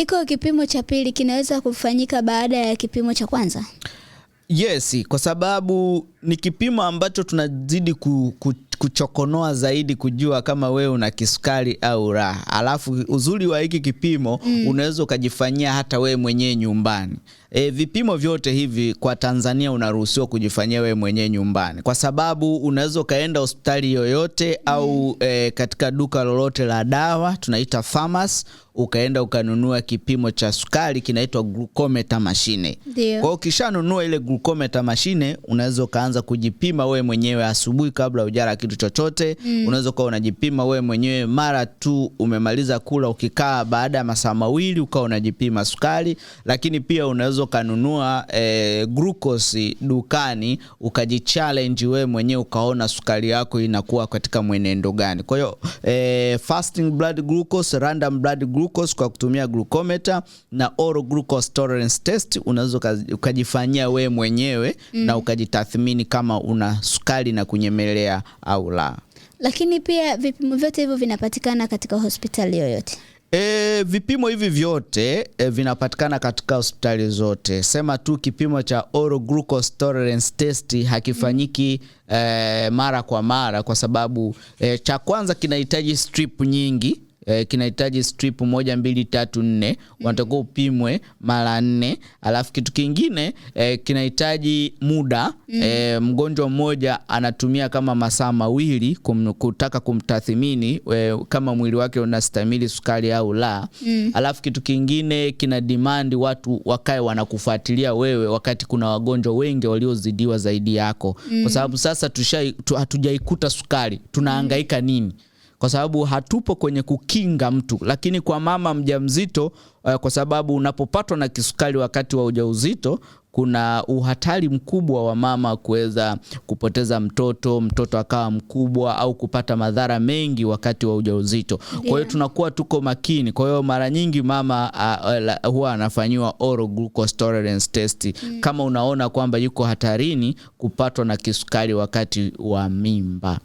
iko kipimo cha pili kinaweza kufanyika baada ya kipimo cha kwanza? Yes, kwa sababu ni kipimo ambacho tunazidi ku, ku, kuchokonoa zaidi kujua kama wewe una kisukari au la. Alafu uzuri wa hiki kipimo mm. unaweza ukajifanyia hata wewe mwenyewe nyumbani. E, vipimo vyote hivi kwa Tanzania unaruhusiwa kujifanyia wewe mwenyewe nyumbani, kwa sababu unaweza ukaenda hospitali yoyote mm. au e, katika duka lolote la dawa tunaita pharmacy, ukaenda ukanunua kipimo cha sukari kinaitwa glucometer mashine. Kwa hiyo ile glucometer machine, unaweza ukaanza kujipima wewe mwenyewe asubuhi kabla hujala kitu kitu chochote mm. Unaweza ukawa unajipima wewe mwenyewe mara tu umemaliza kula, ukikaa baada ya masaa mawili ukawa unajipima sukari, lakini pia unaweza ukanunua e, glucose dukani ukajichallenge wewe mwenyewe ukaona sukari yako inakuwa katika mwenendo gani. Kwa hiyo e, fasting blood glucose, random blood glucose kwa kutumia glucometer na oral glucose tolerance test unaweza ukajifanyia wewe mwenyewe mm. na ukajitathmini kama una sukari na kunyemelea au au la. Lakini pia vipimo vyote hivyo vinapatikana katika hospitali yoyote? E, vipimo hivi vyote e, vinapatikana katika hospitali zote. Sema tu kipimo cha oral glucose tolerance test hakifanyiki mm. e, mara kwa mara kwa sababu e, cha kwanza kinahitaji strip nyingi eh, kinahitaji strip moja mbili tatu nne, unatakiwa upimwe mara nne. Alafu kitu kingine eh, kinahitaji muda mm. eh, mgonjwa mmoja anatumia kama masaa mawili kum, kutaka kumtathmini eh, kama mwili wake unastahimili sukari au la mm. Alafu kitu kingine kina demand watu wakae wanakufuatilia wewe, wakati kuna wagonjwa wengi waliozidiwa zaidi yako mm. kwa sababu sasa tu, hatujaikuta sukari tunaangaika mm. nini kwa sababu hatupo kwenye kukinga mtu, lakini kwa mama mjamzito, eh, kwa sababu unapopatwa na kisukari wakati wa ujauzito kuna uhatari mkubwa wa mama kuweza kupoteza mtoto, mtoto akawa mkubwa au kupata madhara mengi wakati wa ujauzito. Kwa hiyo tunakuwa tuko makini. Kwa hiyo mara nyingi mama uh, uh, huwa anafanyiwa oral glucose tolerance test mm. kama unaona kwamba yuko hatarini kupatwa na kisukari wakati wa mimba.